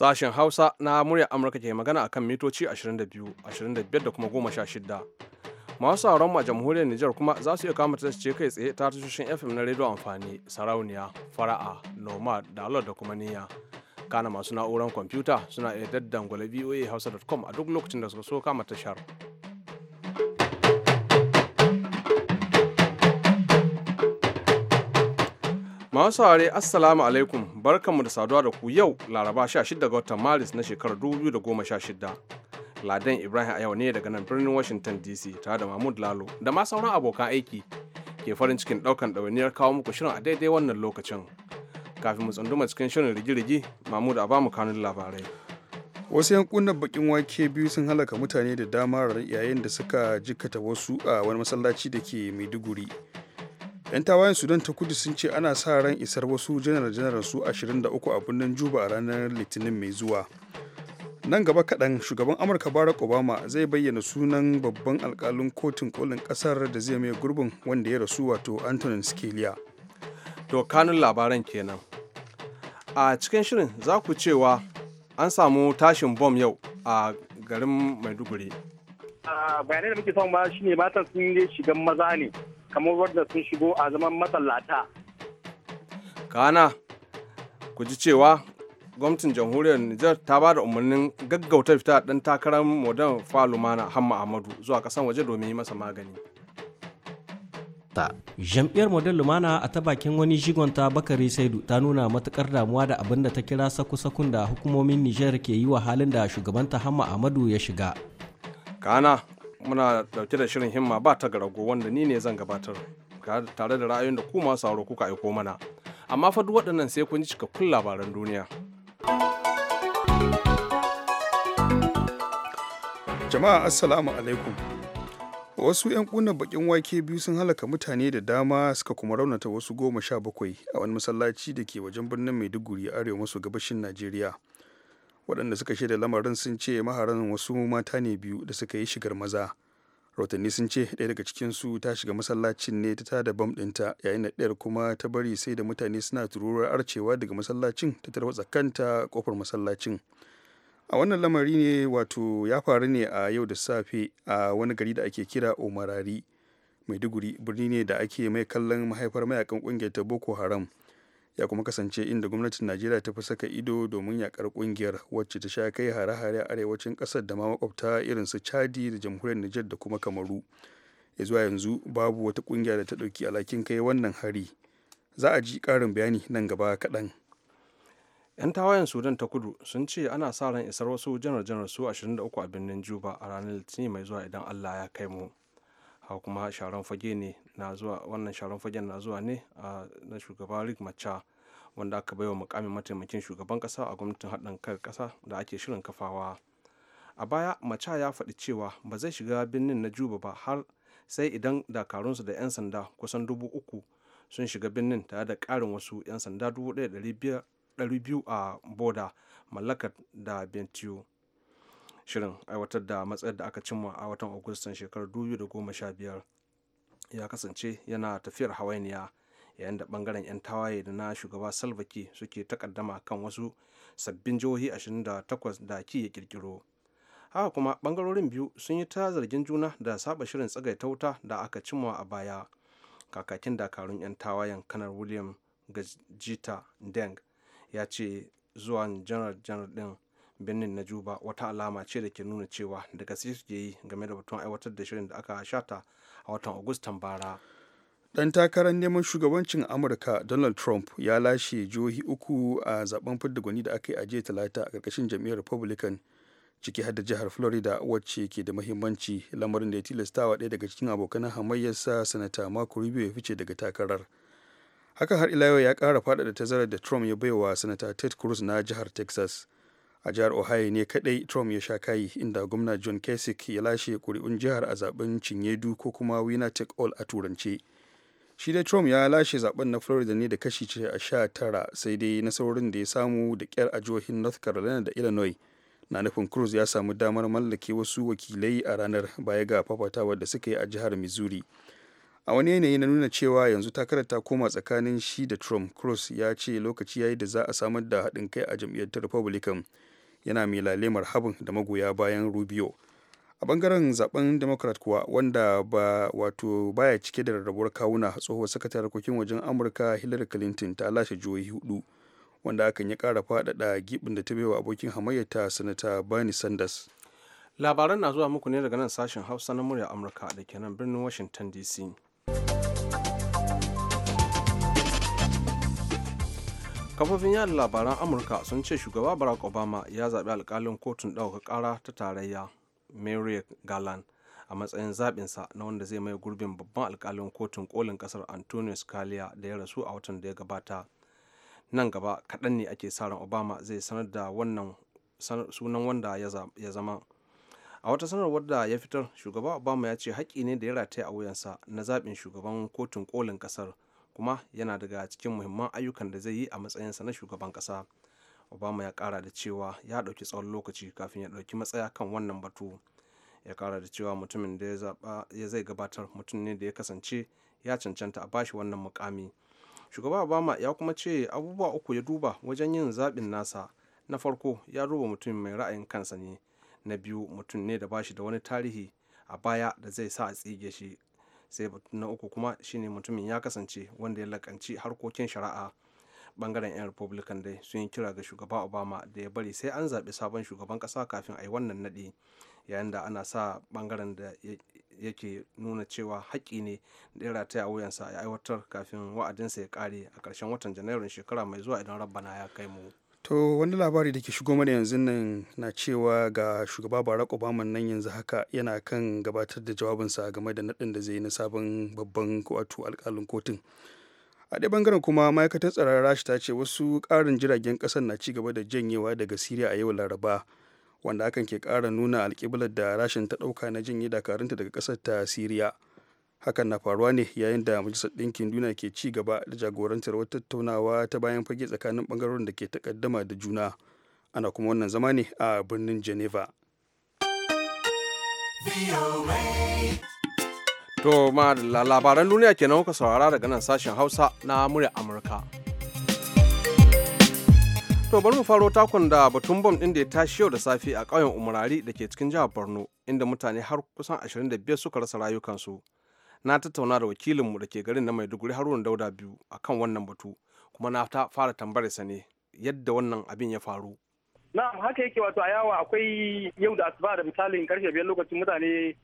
Sashen Hausa na murya Amurka ke magana akan mitoci 22, 25 da kuma 16. Masu sauran mu a jamhuriyar Nijar kuma za su iya kama ce kai tsaye ta tashoshin FM na rediyo amfani, sarauniya, fara'a, nomad, dalar da kuma niyya. Kana masu na'uran kwamfuta suna iya daddangwale voa hausa.com a duk lokacin da suka so kama tashar. Masu saurare Assalamu alaikum barkanmu da saduwa da ku yau Laraba 16 ga watan Maris na shekarar 2016. Ladan Ibrahim a yau ne daga nan birnin Washington DC tare da Mahmud Lalo da ma sauran abokan aiki ke farin cikin daukan ɗawainiyar kawo muku shirin a daidai wannan lokacin. Kafin mu tsunduma cikin shirin rigirigi Mahmud a bamu kanun labarai. Wasu yankunan bakin wake biyu sun halaka mutane da dama yayin da suka jikkata wasu a wani masallaci da ke Maiduguri. 'yan tawayen sudan ta kudu sun ce ana sa ran isar wasu janar-janar su 23 a birnin juba a ranar litinin mai zuwa nan gaba kaɗan shugaban amurka barack obama zai bayyana sunan babban alkalin kotun kolin ƙasar da zai mai gurbin wanda ya rasu wato antonin scalia to kanun labaran kenan a cikin shirin za ku cewa an samu tashin bom yau a garin maiduguri bayanai da muke son ba shine matan sun yi shigan maza ne kamar wadda sun shigo a zaman matsalata. kana ku ji cewa gwamnatin jamhuriyar nijar ta ba da umarnin gaggauta fita ɗan takarar modern falumana hamma ahmadu zuwa kasan waje domin yi masa magani jam'iyyar model lumana a ta bakin wani shigonta bakari saidu ta nuna matukar damuwa da abin da ta kira saku-sakun da hukumomin nijar ke yi wa halin da shugabanta hamma ahmadu ya shiga kana muna dauke da shirin himma ba ta garago wanda ni ne zan gabatar tare da ra'ayoyin da ku masu sauro kuka aiko mana amma fa duk waɗannan sai kun ji cikakkun labaran duniya jama'a assalamu alaikum wasu 'yan kuna bakin wake biyu sun halaka mutane da dama suka kuma raunata wasu goma sha bakwai a wani masallaci da ke wajen birnin maiduguri arewa maso gabashin najeriya waɗanda suka shaida lamarin sun ce maharan wasu mata ne biyu da suka yi shigar maza rahotanni sun ce ɗaya daga cikinsu ta shiga masallacin ne ta tada bam ɗinta yayin da ɗayar kuma ta bari sai da mutane suna tururar arcewa daga masallacin ta tarwatsa kanta kofar masallacin a wannan lamari ne wato ya faru ne a yau da safe a wani gari da ake kira omarari maiduguri birni ne da ake mai kallon mahaifar mayakan ƙungiyar ta boko haram ya kuma kasance inda gwamnatin najeriya ta fi saka ido domin yakar kungiyar wacce ta sha kai hare-hare a arewacin kasar da ma makwabta irin su chadi da jamhuriyar niger da kuma kamaru ya zuwa yanzu babu wata kungiya da ta ɗauki alhakin kai wannan hari za a ji karin bayani nan gaba kaɗan 'yan tawayen sudan ta kudu sun ce ana sa ran isar wasu janar-janar su 23 a birnin juba a ranar litinin mai zuwa idan allah ya kai mu haka kuma sharon fage ne na zuwa wannan sharon fagen na zuwa ne na shugaba rick macha wanda aka bai wa mukamin mataimakin shugaban kasa a gwamnatin haɗin kai kasa da ake shirin kafawa a baya macha ya faɗi cewa ba zai shiga birnin na juba ba har sai idan dakarunsu da 'yan sanda kusan dubu uku sun shiga birnin tare da ƙarin wasu 'yan sanda dubu ɗaya ɗari biyu a boda mallakar da bentiu shirin aiwatar da matsayar da aka cimma a watan agustan shekarar 2015 ya kasance yana tafiyar hawainiya yayin da bangaren 'yan tawaye da na shugaba salvaki suke takaddama kan wasu sabbin jihohi 28 da ke ya kirkiro haka kuma bangarorin biyu sun yi ta zargin juna da saba shirin tsagaita wuta da aka cimma a baya kakakin dakarun 'yan tawayen kanar william gajita deng ya ce zuwan janar janar din birnin na juba wata alama ce da ke nuna cewa da gaske suke yi game da batun aiwatar da shirin da aka shata a watan agustan bara dan takarar neman shugabancin amurka donald trump ya lashe jihohi uku a zaben fidda da aka yi a jiya talata a ƙarƙashin jam'iyyar republican ciki har da jihar florida wacce ke da mahimmanci lamarin da ya tilastawa ɗaya daga cikin abokan hamayyarsa sanata marco rubio ya fice daga takarar haka har ila yau ya ƙara faɗaɗa tazarar da trump ya baiwa sanata ted cruz na jihar texas a jihar ohio ne kadai trump ya sha kayi inda gwamna john kasich ya lashe kuri'un jihar a zaben cinyedu ko kuma winner take all a turance shi dai trump ya lashe zaben na florida ne da kashi tara sai dai nasarorin da ya samu da kyar a jihohin north carolina da illinois na nufin cruz ya samu damar mallake wasu wakilai a ranar baya ga fafatawa da suka yi a jihar missouri a wani yanayi na nuna cewa yanzu takarar ta koma tsakanin shi da trump cruz ya ce lokaci yayi da za a samar da haɗin kai a jam'iyyar republican yana mai lalemar habin da magoya bayan rubio a bangaren zaben democrat kuwa wanda ba wato baya cike da rarrabuwar kawuna tsohuwar sakatar harkokin wajen amurka hillary clinton ta lashe jihohi hudu wanda hakan ya kara fadada gibin da ta bai wa abokin hamayyata sanata bani sanders labaran na zuwa muku ne daga nan sashen hausa na murya amurka da ke nan birnin washington dc kafofin yada labaran amurka sun ce shugaba barack obama ya zaɓi alkalin kotun ɗaukaka ƙara ta tarayya mary garland a matsayin zaɓinsa na wanda zai mai gurbin babban alkalin kotun kolin ƙasar antonio scalia da ya rasu a watan da ya gabata nan gaba kaɗan ne ake sa ran obama zai sanar da wannan sunan wanda ya zama a wata sanarwar da ya fitar shugaba obama ya ce haƙƙi ne da ya rataya a wuyansa na zaɓin shugaban kotun kolin ƙasar kuma yana daga cikin muhimman ayyukan da zai yi a matsayinsa na shugaban kasa obama ya kara da cewa ya ɗauki tsawon lokaci kafin ya ɗauki matsaya kan wannan batu ya kara da cewa mutumin da ya zai gabatar mutum ne da ya kasance ya cancanta a bashi wannan mukami shugaba obama ya kuma ce abubuwa uku ya duba wajen yin zaɓin nasa na farko ya duba mutum mai ra'ayin kansa ne na biyu mutum ne da bashi da wani tarihi a baya da zai sa a tsige shi sai na uku kuma shine mutumin ya kasance wanda ya lakanci harkokin shari'a bangaren 'yan republican dai sun yi kira ga shugaba obama da ya bari sai an zaɓi sabon shugaban ƙasa kafin a yi wannan naɗi yayin da ana sa bangaren da yake nuna cewa haƙƙi ne da ya rataya a wuyansa ya aiwatar kafin wa'adinsa ya ƙare a ƙarshen watan janairun shekara mai zuwa idan rabbana ya kai mu. To wani labari da ke shigo mana yanzu nan na cewa ga shugaba Barack Obama nan yanzu haka yana kan gabatar da jawabinsa game da naɗin da zai na sabon babban wato alkalin kotun. A ɗaya bangaren kuma ma'aikatar tsaron Rasha ta ce wasu ƙarin jiragen ƙasar na ci gaba da janyewa daga Siriya a yau Laraba wanda hakan ke ƙara nuna alƙiblar da Rashin ta ɗauka na janye dakarunta daga ƙasar ta Siriya. hakan na faruwa ne yayin da majalisar ɗinkin duniya ke ci gaba da jagorantar wata tattaunawa ta bayan fage tsakanin ɓangarorin da ke takaddama da juna ana kuma wannan zama ne a birnin geneva to ma labaran duniya kenan kuka saurara daga nan sashen hausa na murya amurka To bari mu faro takon da batun bom ɗin da ya tashi yau da safe a ƙauyen Umarari da ke cikin jihar Borno, inda mutane har kusan 25 suka rasa rayukansu. na tattauna da wakilinmu da ke garin na maiduguri haruna dauda biyu akan wannan batu kuma na ta fara sa ne yadda wannan abin ya faru na'am haka yake wato a yawa akwai yau da asuba da misalin karshe biyar lokacin mutane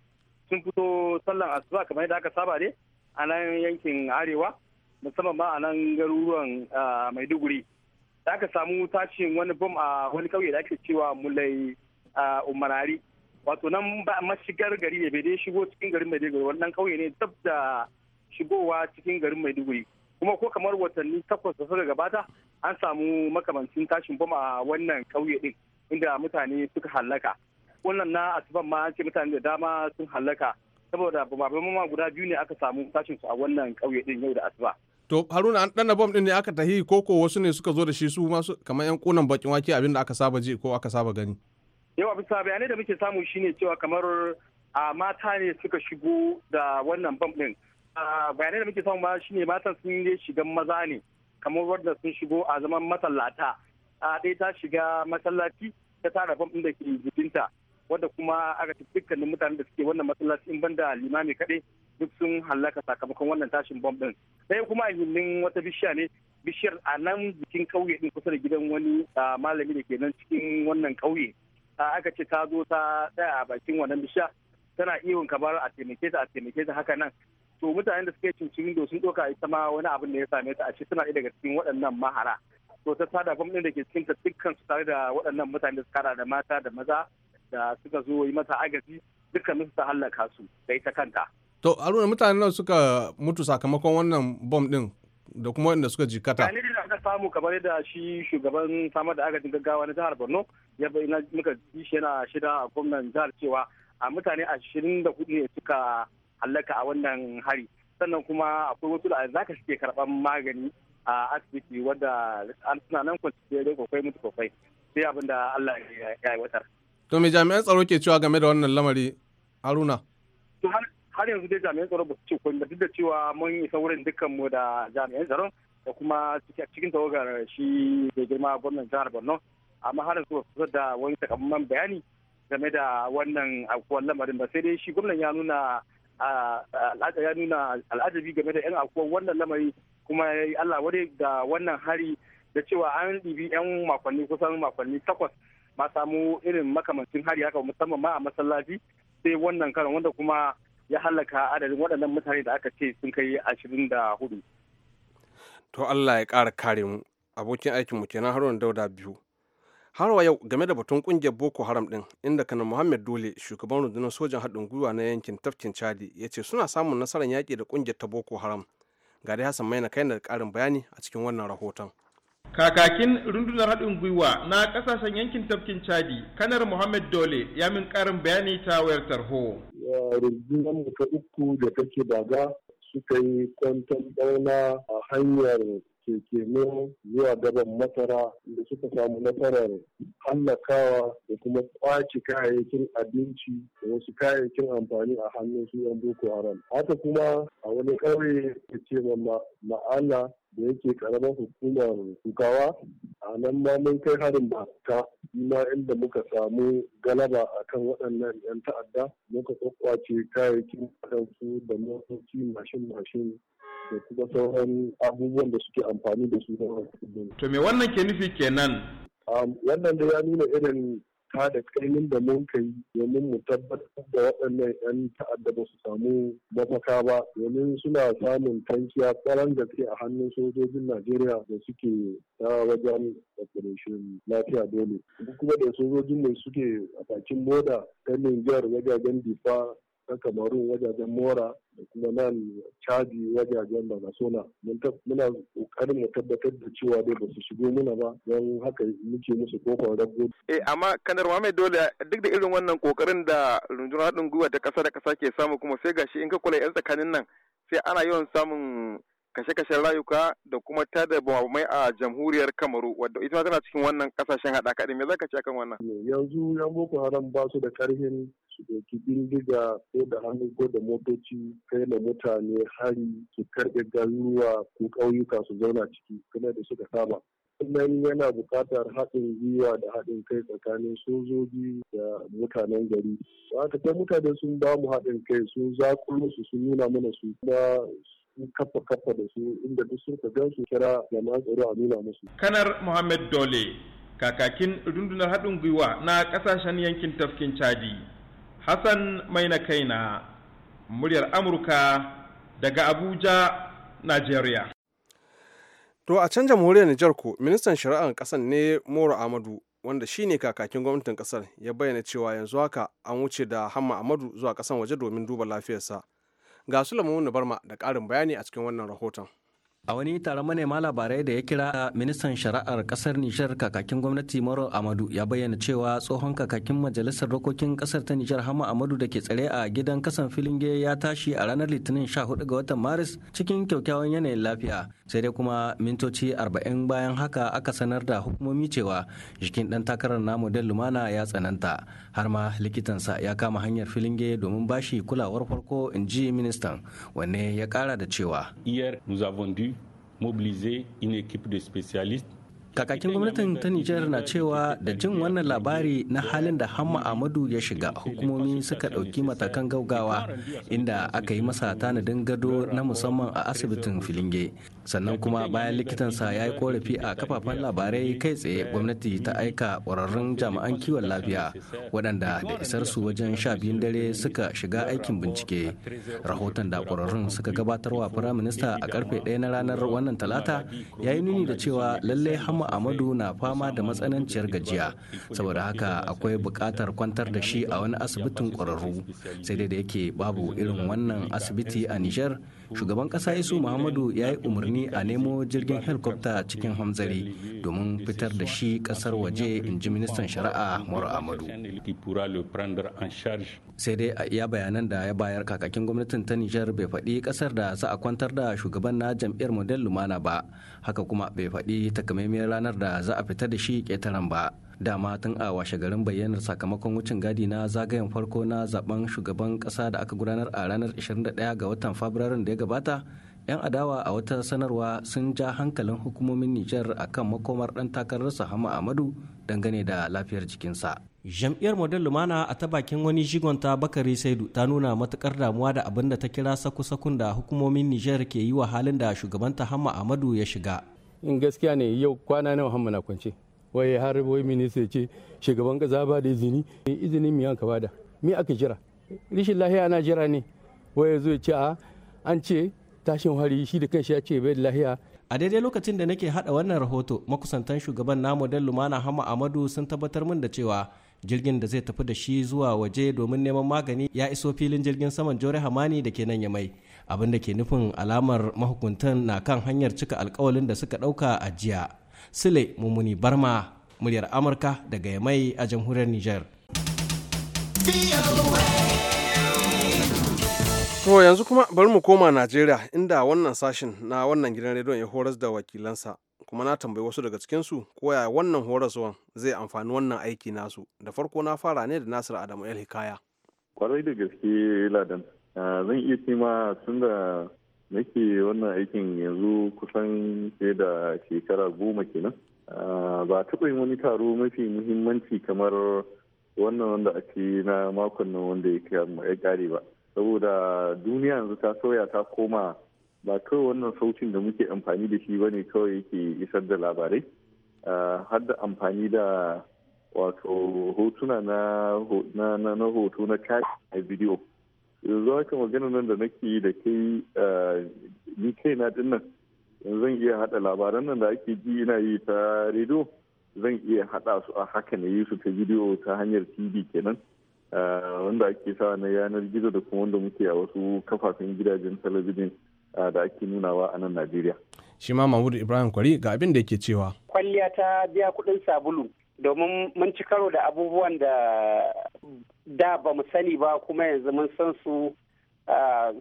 sun fito sallan asuba kamar yadda aka saba ne a nan yankin arewa musamman ma a nan garuruwan maiduguri da aka samu tashin wani bom a wani kauye da ake cewa mulai umarari wato nan ba mashigar gari ne bai dai shigo cikin garin maiduguri wannan kauye ne dab da shigowa cikin garin maiduguri kuma ko kamar watanni takwas da suka gabata an samu makamancin tashin bom a wannan kauye din inda mutane suka hallaka wannan na asuban ma an ce mutane da dama sun hallaka saboda bumabumin ma guda biyu ne aka samu tashin su a wannan kauye din yau da asuba to haruna an danna bom din ne aka tahi koko wasu ne suka zo da shi su ma kamar yan kunan bakin wake abinda aka saba ji ko aka saba gani Yawa bisa bayanai da muke samu shine cewa kamar a mata ne suka shigo da wannan bam din. Bayanai da muke samu ma shine matan sun yi shigan maza ne kamar wadda sun shigo a zaman masallata. A dai ta shiga masallaci ta tara bam din da ke jikinta. wadda kuma aka ci dukkanin mutanen da suke wannan masallaci in banda limami kaɗai duk sun hallaka sakamakon wannan tashin bam ɗin sai kuma a wata bishiya ne bishiyar a nan bikin kauye din kusa da gidan wani malami da ke nan cikin wannan ƙauye aka ce ta zo ta tsaya a bakin wannan bishiya tana iwon kamar a taimake ta a taimake ta haka nan to mutanen da suke cincin do sun doka ita ma wani abin da ya same ta a ce tana daga cikin waɗannan mahara to ta tada bam da ke cikin ta dukkan su tare da waɗannan mutane da suka da mata da maza da suka zo yi mata agaji dukkan su ta halaka su da ita kanta to aruna mutanen nan suka mutu sakamakon wannan bom din da kuma waɗanda suka jikata. ne da aka samu kamar yadda shi shugaban samar da agajin gaggawa na jihar Borno ya bai na muka ji shi yana shida a gwamnan jihar cewa a mutane ashirin da hudu ne suka hallaka a wannan hari sannan kuma akwai wasu da za ka suke karban magani a asibiti wadda an suna nan kwanci da kwakwai mutu kwakwai sai abin da Allah ya yi watar. To me jami'an tsaro ke cewa game da wannan lamari Haruna? To har yanzu dai jami'an tsaro ba su ce komai duk da cewa mun isa wurin dukkan mu da jami'an tsaro da kuma cikin tawagar shi da girma gwamnan jihar Borno amma har yanzu ba da wani takamman bayani game da wannan akuwar lamarin ba sai dai shi gwamnan ya nuna ya nuna al'ajabi game da yan akuwar wannan lamari kuma ya Allah wadai da wannan hari da cewa an ɗibi yan makonni kusan makonni takwas ma samu irin makamancin hari haka musamman ma a masallaci sai wannan karan wanda kuma ya halaka adadin waɗannan mutane da aka ce sun kai ashirin da hudu. To Allah ya ƙara kare mu abokin aikinmu kenan wani dauda biyu. har wa yau game da batun kungiyar boko haram din inda kanan muhammad dole shugaban rundunar sojan haɗin gwiwa na yankin tafkin chadi ya ce suna samun nasarar yaƙi da kungiyar ta boko haram ga dai hassan maina kai da karin bayani a cikin wannan rahoton kakakin rundunar haɗin gwiwa na ƙasashen yankin tafkin chadi kanar muhammad dole ya min ƙarin bayani ta wayar tarho rundunar mu ta uku da take daga suka yi kwanton ɗauna a hanyar ne zuwa gaban masara da suka samu nasarar hallakawa da kuma kwaci kayayyakin abinci da wasu kayayyakin amfani a hannun su yan boko haram haka kuma a wani ƙauye da ce ma'ala da yake karamar hukumar tukawa a nan ma mun kai harin ba ta ma inda muka samu galaba a kan waɗannan 'yan ta'adda muka kwakwace kayayyakin waɗansu da motoci mashin-mashin da kuma sauran abubuwan da suke amfani da su na To me wannan ke nufi kenan? Um, wannan da ya nuna irin ta da kainin da mun kai domin mu tabbatar da waɗannan 'yan ta'adda ba su samu mafaka ba domin suna samun tankiya tsaron gaske a hannun sojojin Najeriya da suke ta wajen operation lafiya dole. Kuma da sojojin mai suke a bakin boda ta Nijar wajajen Difa ta kamaru wajajen mora da kuma nan caji wajajen da sona muna kokarin mu tabbatar da cewa dai ba su shigo muna ba don haka muke musu kofar rago. eh amma kanar mai dole duk da irin wannan kokarin da rundunar haɗin gwiwa ta kasa da kasa ke samu kuma sai gashi in ka kula yan tsakanin nan sai ana yawan samun kashe-kashen rayuka da kuma tada mai a jamhuriyar kamaru wadda ita tana cikin wannan kasashen haɗa kaɗi me zaka ce akan wannan yanzu yan boko haram ba su da karhin su doki bindiga ko da hannu ko da motoci kai da mutane hari su karɓe garuruwa ko ƙauyuka su zauna ciki kuma da suka saba sannan yana buƙatar haɗin gwiwa da haɗin kai tsakanin sojoji da mutanen gari haka ta mutane sun ba mu haɗin kai sun zakulo su sun nuna mana su kuma sun kafa kafa da su inda duk sun gan su kira jama'an tsaro a nuna musu. kanar muhammad dole kakakin rundunar haɗin gwiwa na ƙasashen yankin tafkin chadi Hassan mai Maina na muryar Amurka daga Abuja, Najeriya. To a can jamhuriyar Nijar ku, ministan shari'ar Kasar ne Moro Amadu wanda shi ne kakakin gwamnatin ƙasar ya bayyana cewa yanzu haka an wuce da Hamma Amadu zuwa ƙasan waje domin duba lafiyarsa. Ga Sulaiman Barma da ƙarin bayani a cikin wannan rahoton. A wani taron manema labarai da ya kira ministan shari'ar kasar Nijar kakakin gwamnati Moro Amadu ya bayyana cewa tsohon kakakin majalisar dokokin kasar ta Nijar Hama Amadu da ke tsare a gidan kasan Filinge ya tashi a ranar Litinin sha hudu ga watan Maris cikin kyaukyawan yanayin lafiya. Sai dai kuma mintoci arba'in bayan haka aka sanar da hukumomi cewa jikin dan takarar namu Dan Lumana ya tsananta har ma likitansa ya kama hanyar Filinge domin bashi kulawar farko in ji ministan wanne ya kara da cewa. Iyar mobiliser une équipe de spécialistes kakakin gwamnatin ta nijar na cewa da jin wannan labari na halin da hamma ahmadu ya shiga hukumomi suka ɗauki matakan gaugawa inda aka yi masa tanadin gado na musamman a asibitin filinge sannan kuma bayan likitansa ya yi korafi a kafafen labarai kai tsaye gwamnati ta aika ƙwararrun jami'an kiwon lafiya waɗanda da isar su wajen sha biyun dare suka shiga aikin bincike rahoton da ƙwararrun suka gabatarwa Minista a karfe ɗaya na ranar wannan talata ya yi nuni da cewa lallai Hamma amadu na fama da matsananciyar gajiya saboda haka akwai buƙatar kwantar da shi a wani asibitin ƙwararru sai dai da yake babu irin wannan asibiti a nijar shugaban kasa isu muhammadu ya yi umarni a nemo jirgin helikwafta cikin hamzari domin fitar da shi kasar waje in ji ministan shari'a mura amadu sai dai a iya bayanan da ya bayar kakakin gwamnatin ta nijar bai faɗi ƙasar da za a kwantar da shugaban na jam'iyyar model lumana ba haka kuma bai faɗi takamaimiyar ranar da za a fita da shi ketaren ba dama tun a washe garin bayyanar sakamakon wucin gadi na zagayen farko na zaben shugaban kasa da aka gudanar a ranar 21 ga watan fabrairun da ya gabata 'yan adawa a wata sanarwa sun ja hankalin hukumomin nijar a kan makomar dan takararsa sahama amadu dangane da lafiyar jikinsa jam'iyyar model lumana a ta bakin wani jigonta bakari saidu ta nuna matukar damuwa da abin da ta kira saku-sakun da hukumomin nijar ke yi wa halin da shugabanta hama amadu ya shiga in gaskiya ne yau kwana na muhammadu na kwance wai har wai minista ce shugaban kasa ba da izini izinin miyan ka bada mi aka jira rishin lahiya ana jira ne wai ya ce a an ce tashin hari shi da kanshi ya ce bai lahiya a daidai lokacin da nake hada wannan rahoto makusantan shugaban namu dan lumana hama amadu sun tabbatar min da cewa jirgin da zai tafi da shi zuwa waje domin neman magani ya iso filin jirgin saman jore hamani da ke nan ya mai abin da ke nufin alamar mahukuntan na kan hanyar cika alkawalin da suka dauka a jiya Sule Mumuni Barma, muryar Amurka daga Yamai a jamhuriyar Nijar. To yanzu kuma bari mu koma Najeriya inda wannan sashin na wannan gidan rediyon ya horas da wakilansa kuma na tambayi wasu daga cikinsu ko yaya wannan horaswan zai amfani wannan aiki nasu da farko na fara ne da Nasir Adamu El Hikaya. Kwarai da gaske Ladan, ah, zan iya cima tun da nake wannan aikin yanzu kusan fiye da shekara goma kenan ah, ba taɓa yin wani taro mafi muhimmanci kamar wannan wanda ake na makon nan wanda ya kare ba saboda duniya yanzu ta sauya ta koma ba kawai wannan sautin da muke amfani da shi bane kawai yake isar da labarai ah, har da amfani da wato hotuna na hoto na kashi a bidiyo yanzu haka magana nan da nake yi da kai eh, ni kai na dinnan zan iya hada labaran nan da ake ji ina yi ta rediyo zan iya hada su a haka ne yi su ta bidiyo ta hanyar tv kenan eh, wanda ake sa na yanar gizo da kuma wanda muke a wasu kafafen gidajen talabijin eh, da ake nunawa a nan najeriya shi ma mahmud ibrahim kwari ga abin da yake cewa kwalliya ta biya kuɗin sabulu domin mun ci karo da abubuwan da da ba mu sani ba kuma yanzu mun san su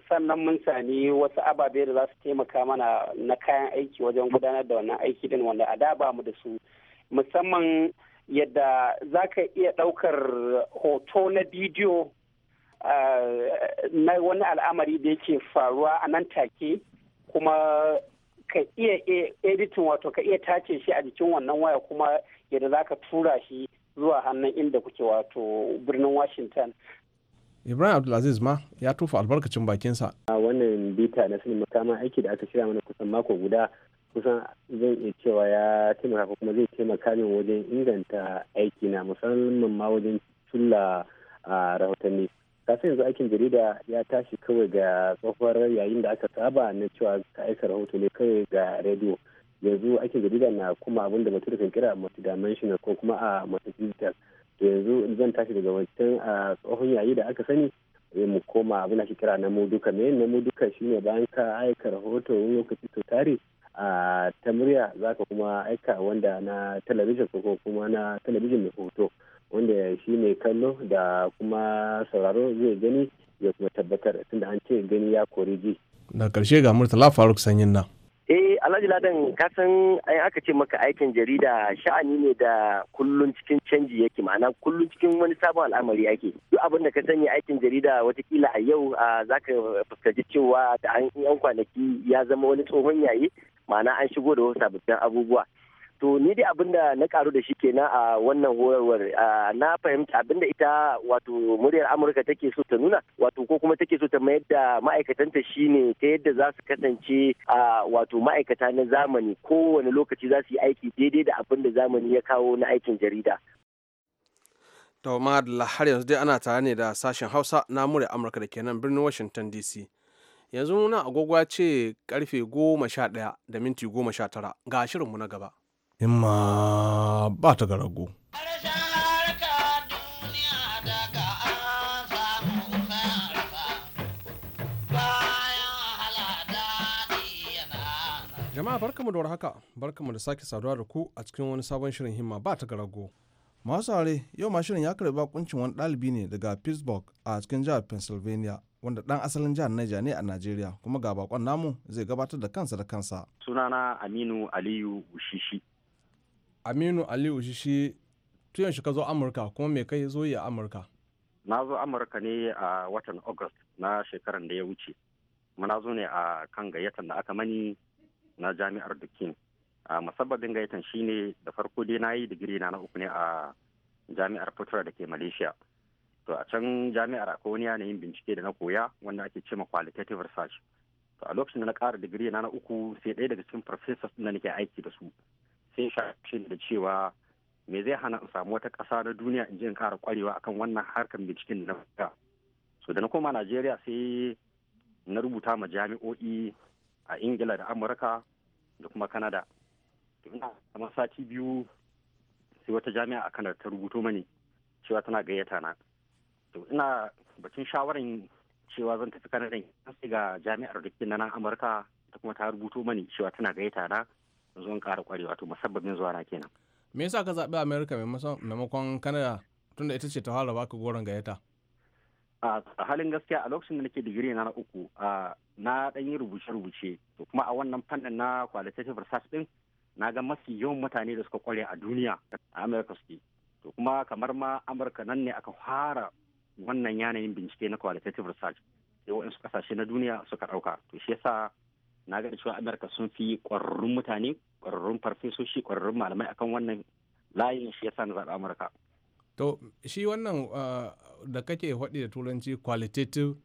sannan mun sani wasu ababe da za su taimaka mana na kayan aiki wajen gudanar da wannan aiki din wanda a da ba mu da su musamman yadda za ka iya ɗaukar hoto na bidiyo na wani al'amari da yake faruwa a nan take kuma ka iya e-, editin wato ka iya tace shi a jikin wannan waya kuma yadda za ka tura shi zuwa hannun inda kuke wato birnin washington ibrahim abdulaziz ma ya tofa albarkacin bakinsa a wannan bita na sinima makaman aiki da aka shirya mana kusan mako guda kusan zan iya cewa ya taimaka kuma zai taimaka min wajen inganta aiki na musamman ma wajen tulla rahotanni kasa yanzu aikin jarida ya tashi kawai ga tsohuwar yayin da aka saba na cewa ka aika rahoto ne kawai ga rediyo yanzu aikin jarida na kuma abin da bature kan kira multidimensional ko kuma a ah, digital to yanzu zan tashi daga wancan a ah, tsohon yayi da aka sani sai mu koma abin da ake kira na mu duka me na mu duka shine bayan ka aika rahoto wani lokaci to tare a ah, ta murya zaka kuma aika wanda na talabijin ko kuma na talabijin mai hoto wanda shi mai kallo da kuma sauraro zai gani ya kuma tabbatar tunda an ce gani ya kori ji da karshe ga murtala faruk sanyin nan Eh Alhaji Ladan ka san ai aka ce maka aikin jarida sha'ani ne da kullun cikin canji yake ma'ana kullun cikin wani sabon al'amari yake Duk abin da ka sani aikin jarida watakila a yau zaka fuskanci cewa da an yan kwanaki ya zama wani tsohon yayi ma'ana an shigo da wasu sababbin abubuwa. to ni dai abin da na karu da shi kenan a wannan horarwar na fahimta abin da ita wato muryar amurka take so ta nuna wato ko kuma take so ta mayar da ma'aikatanta shine ta yadda za su kasance a wato ma'aikata na zamani kowane lokaci za su yi aiki daidai da abin da zamani ya kawo na aikin jarida to madalla har yanzu dai ana tare ne da sashen hausa na muryar amurka da kenan birnin washington dc yanzu muna agogwa ce karfe goma sha ɗaya da minti goma sha tara ga shirinmu na gaba himma ba ta ga rago. Jama'a barkamu da warhaka, barkamu da sake saduwa da ku a cikin wani sabon shirin himma ba ta garago. Masu are yau ma shirin ya karbi bakuncin wani ɗalibi ne daga Pittsburgh a cikin jihar Pennsylvania wanda ɗan asalin jihar Niger ne a Najeriya kuma ga bakon namu zai gabatar da kansa da kansa. Sunana Aminu Aliyu Ushishi aminu aliyu shi tun shi ka zo amurka kuma me kai zo yi a amurka na zo amurka ne a watan august na shekaran da ya wuce na zo ne a kan gayyatan da aka mani na jami'ar dukkin a musabbabin gayyatan shine da farko dai na yi digiri na uku ne a jami'ar fitura da ke malaysia to a can jami'ar akwai wani yanayin bincike da na koya wanda ake cema qualitative research to a lokacin da na kara digiri na na uku sai ɗaya daga cikin professors da nake aiki da su sai shafi da cewa me zai hana in samu wata ƙasa na duniya in je in ƙara ƙwarewa akan wannan harkar binciken da na fita so da na koma najeriya sai na rubuta ma jami'o'i a ingila da amurka da kuma kanada ina kamar sati biyu sai wata jami'a a kanada ta rubuto mani cewa tana gayyata na to ina bakin shawaran cewa zan tafi kanada sai ga jami'ar da ke nan amurka ta kuma ta rubuto mani cewa tana gayyata na zuwan ƙara musabbabin zuwa na kenan me yasa ka zaɓi america maimakon canada tunda ita ce ta fara baka goron gayyata a halin gaskiya a lokacin da nake digiri na na uku na ɗan yi rubuce-rubuce to kuma a wannan fannin na qualitative research ɗin na ga mafi yawan mutane da suka kware a duniya a Amerika suke to kuma kamar ma amurka nan ne aka fara wannan yanayin bincike na qualitative research sai waɗansu ƙasashe na duniya suka ɗauka to shi yasa na ga cewa amurka sun fi ƙwararrun mutane ƙwararrun farfesoshi ƙwararrun malamai akan wannan layin shi yasa na zaɓi amurka to shi wannan ah, da kake faɗi da turanci qualitative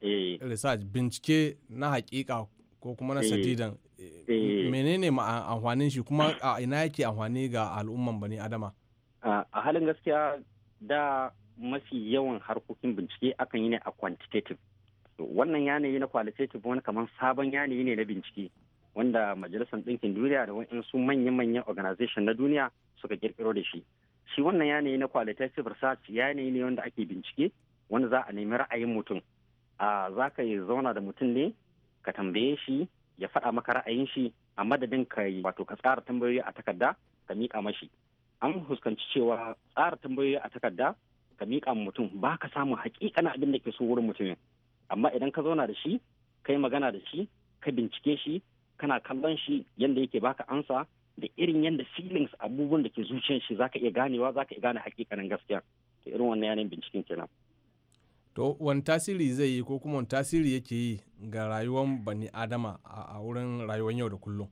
eh. research bincike na hakika ko kuma na eh. sadidan eh. menene amfanin shi kuma a ina yake amfani ga al'umman bani adama a halin gaskiya da mafi yawan harkokin bincike akan yi ne a quantitative wannan yanayi na qualitative wani kamar sabon yanayi ne na bincike wanda majalisar ɗinkin duniya da waɗansu manya-manyan organization na duniya suka kirkiro da shi shi wannan yanayi na qualitative research yanayi ne wanda ake bincike wanda za a nemi ra'ayin mutum a za ka yi zauna da mutum ne ka tambaye shi ya faɗa maka ra'ayin shi a madadin ka yi. wato ka tsara tambayoyi a takarda ka miƙa mashi an fuskanci cewa tsara tambayoyi a takarda ka miƙa mutum ba ka samun haƙiƙanin abin da ke so wurin mutumin amma idan ka zauna da shi ka yi magana da shi ka bincike shi kana kallon shi yadda yake baka ansa da irin yadda feelings abubuwan da ke zuciyar shi zaka iya ganewa zaka iya gane hakikanin gaskiya to irin wannan yanayin binciken kenan to wani tasiri zai yi ko kuma wani tasiri yake yi ga rayuwar bani adama a wurin rayuwar yau da kullum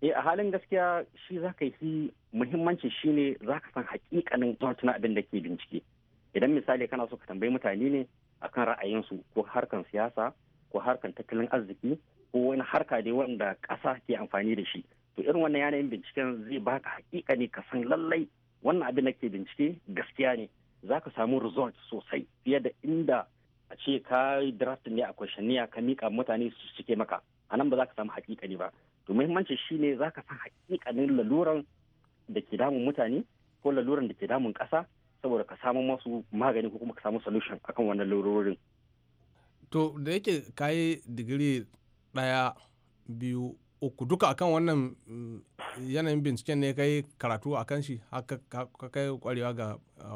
e a halin gaskiya shi zaka yi muhimmanci shine zaka san hakikanin zartuna abin da ke bincike idan misali kana so ka tambayi mutane ne akan ra'ayinsu ko harkan siyasa ko harkan tattalin arziki ko wani harka dai wanda ƙasa ke amfani da shi to irin wannan yanayin binciken zai baka hakika ne ka san lallai wannan abin da ke bincike gaskiya ne za ka samu result sosai fiye da inda a ce ka draft ne a kwashaniya ka mika mutane su cike maka a nan ba za ka samu hakika ne ba to muhimmanci shi ne za ka san hakikanin laluran da ke damun mutane ko laluran da ke damun ƙasa saboda ka samu masu magani ko kuma ka samu solution akan wannan lururin. to da yake yi digiri ɗaya biyu uku duka akan wannan mm, yanayin binciken ne ka yi karatu akan shi haka kai kwarewa ga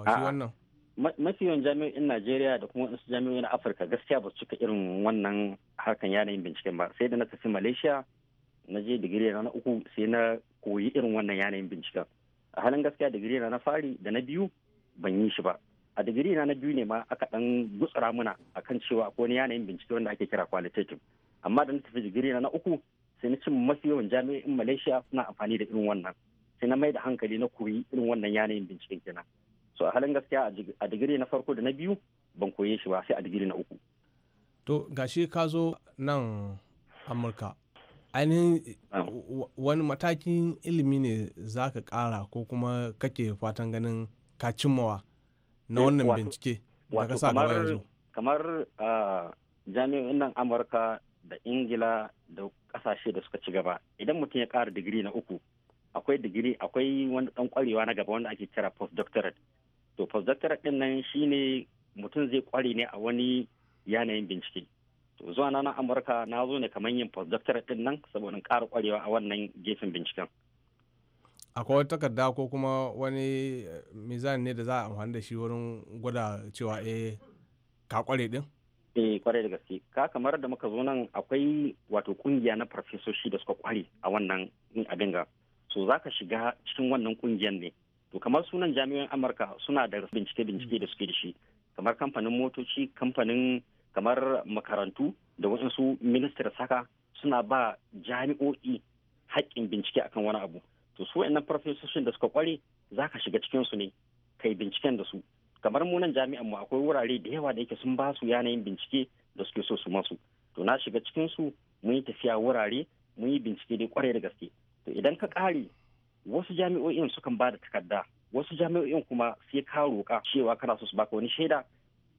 shi wannan mafi yawan jami'o'in Najeriya da kuma wasu jami'o'in Afirka gaskiya ba su cika irin wannan harkan yanayin binciken ba sai da na tafi Malaysia na je digiri na uku sai na koyi irin wannan yanayin binciken a halin gaskiya digiri na fari da na biyu ban yi shi ba a digiri na na biyu ne ma aka dan gutsura muna akan cewa ko ne yanayin bincike wanda ake kira qualitative amma da na tafi digiri na na uku sai na cin mafi yawan jami'in malaysia suna amfani da irin wannan sai na mai da hankali na koyi irin wannan yanayin binciken kenan so a halin gaskiya a digiri na farko da na biyu ban koye shi ba sai a digiri na uku to gashi ka zo nan amurka ainihin ah. wani matakin ilimi ne za ka kara ko kuma kake fatan ganin ka cimmawa na eh, wannan bincike da ka sa gaba yanzu kamar ah, jami'in nan amurka da ingila da kasashe da suka ci gaba idan mutum ya kara digiri na uku akwai digiri akwai wani dan kwarewa na gaba wanda ake kira doctorate to post doctorate din nan shine mutum zai kware ne a wani yanayin bincike to zuwa na amurka na zo ne kamar yin post doctorate din nan saboda kara kwarewa a wannan gefen binciken akwai wata takarda ko kuma wani eh, mizan ne da za a amfani da shi wurin gwada cewa eh ka kware din eh kware da gaske ka kamar da muka zo nan akwai wato kungiya na farfesoshi da suka kware a wannan abin ga so za ka shiga cikin wannan kungiyar ne to kamar sunan jami'an amurka suna da bincike bincike da suke da shi kamar kamfanin motoci kamfanin kamar makarantu da wasu ministar saka suna ba jami'o'i haƙƙin bincike akan wani abu to su wa'annan farfesoshin da suka kware za ka shiga cikin su ne kai binciken da su kamar mu nan jami'an mu akwai wurare da yawa da yake sun ba su yanayin bincike da suke so su masu to na shiga cikin su mun yi tafiya wurare mun yi bincike dai kware da gaske to idan ka kare wasu jami'o'in sukan ba da takarda wasu jami'o'in kuma sai ka roƙa cewa kana so su baka wani shaida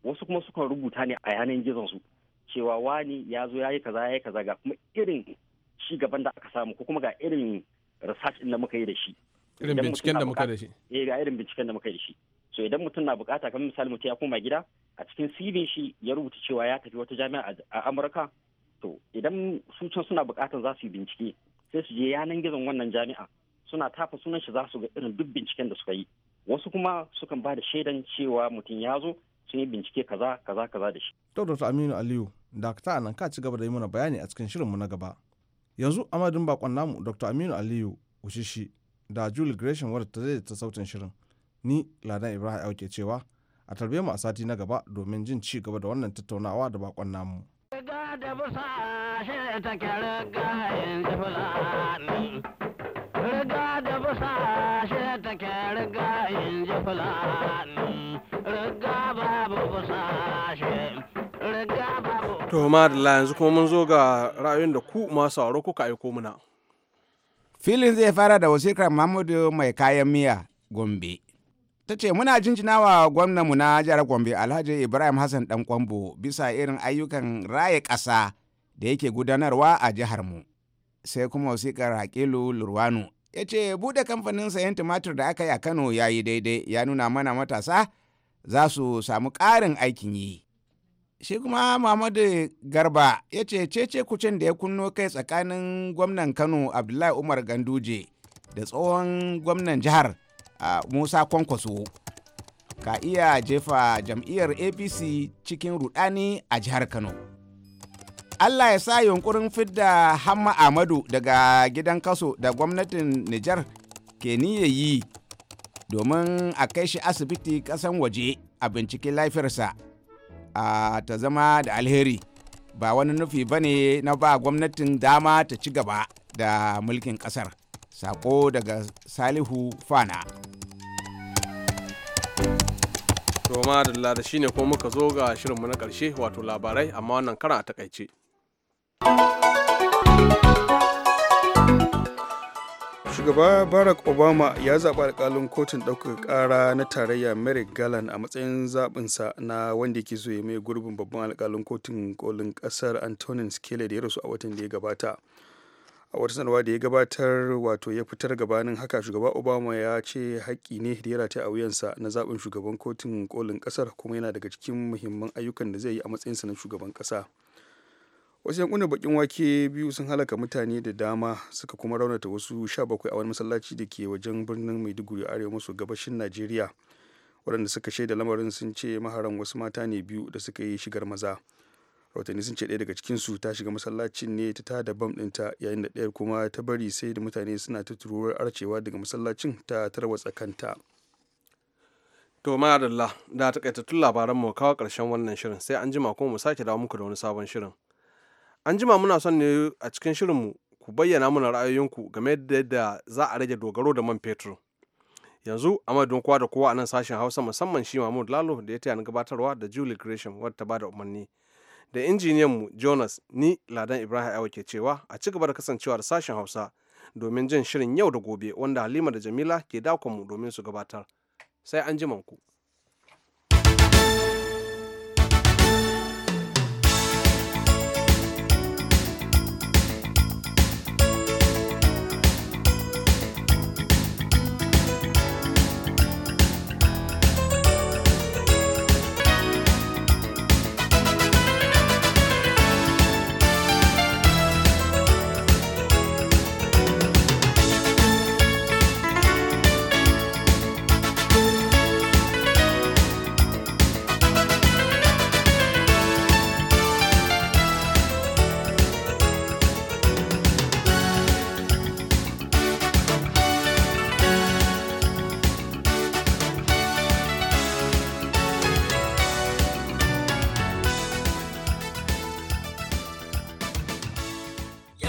wasu kuma sukan rubuta ne a yanayin gizon su cewa wani ya zo ya yi kaza ya yi kaza ga kuma irin ci gaban da aka samu ko kuma ga irin research din da muka yi da shi irin binciken da muka da shi eh ga irin binciken da muka yi da shi so idan mutum na bukata kamar misali mutum ya koma gida a cikin CV shi ya rubuta cewa ya tafi wata jami'a a Amurka to idan su can suna bukatan za su yi bincike sai su je yanan gizon wannan jami'a suna tafa sunan shi za su ga irin duk binciken da suka yi wasu kuma sukan ba da shaidan cewa mutum ya zo sun yi bincike kaza kaza kaza da shi. Dr. Aminu Aliyu, Dakta nan ka ci gaba da yi mana bayani a cikin shirinmu na gaba. yanzu amadin bakon namu dr aminu aliyu ushishi da julie gresham wadda ta daidaita sautin shirin ni ladan ibrahim auke cewa a tarbe mu a sati na gaba domin jin ci gaba da wannan tattaunawa da bakon namu riga da busa shi riga in ji fulani To la yanzu kuma mun zo ga ra'ayoyin da ku ma sauraro kuka aiko muna. Filin zai fara da wasikar Mahmudu mai kayan miya Gombe. Ta ce muna jinjina wa mu na jihar Gombe Alhaji Ibrahim Hassan Dan Kwambo bisa irin ayyukan raye ƙasa da yake gudanarwa a jihar mu. Sai kuma wasikar Hakilu Lurwanu ya ce buɗe kamfanin sayan tumatir da aka yi a Kano ya yi daidai ya nuna mana matasa za su samu ƙarin aikin yi. shi kuma muhammadu garba ya ce cece kucin da ya kunno kai tsakanin gwamnan kano abdullahi umar ganduje da tsohon gwamnan jihar musa kwankwaso ka iya jefa jam'iyyar apc cikin rudani a jihar kano allah ya sa yunkurin fidda hamma amadu daga gidan kaso da gwamnatin nijar ke yi domin a kai shi asibiti kasan waje a binciken lafiyarsa ta zama da alheri ba wani nufi ba ne na ba gwamnatin dama ta ci gaba da mulkin kasar sako daga salihu fana to madalla shi ne ko muka zo ga shirinmu na karshe wato labarai amma wannan karan a takaice shugaba barack obama ya zaɓi alkalin kotun ɗaukar ƙara na tarayya merrick gallan a matsayin zaɓinsa na wanda ke zo ya mai gurbin babban alkalin kotun kolin ƙasar antonin skele da ya rasu a watan da ya gabata a wata sanarwa da ya gabatar wato ya fitar gabanin haka shugaba obama ya ce haƙƙi ne da ya rata a wuyansa na zaɓin shugaban kotun kolin ƙasar kuma yana daga cikin muhimman ayyukan da zai yi a matsayinsa na shugaban ƙasa wasu yankunan bakin wake biyu sun halaka mutane da dama suka kuma raunata wasu 17 a wani masallaci da ke wajen birnin maiduguri arewa maso gabashin najeriya waɗanda suka shaida lamarin sun ce maharan wasu mata ne biyu da suka yi shigar maza rautani sun ce ɗaya daga cikinsu ta shiga masallacin ne ta tada bam ɗinta yayin da ɗaya kuma ta bari sai da mutane suna ta turuwar arcewa daga masallacin ta tarwatsa kanta to ma da takaitattun labaran mu kawo karshen wannan shirin sai an jima kuma mu sake dawo muku da wani sabon shirin An jima muna son ne a cikin shirinmu ku bayyana mana ra'ayoyinku game da yadda za a rage dogaro da man fetur. Yanzu a madadin kowa da kowa a nan sashen Hausa musamman shi Mahmud Lalo da ya taya ni gabatarwa da Julie Gresham wadda ta bada umarni. Da injiniyan mu Jonas ni Ladan Ibrahim Awa ke cewa a ci gaba da kasancewa da sashen Hausa domin jin shirin yau da gobe wanda Halima da Jamila ke mu domin su gabatar. Sai an ku.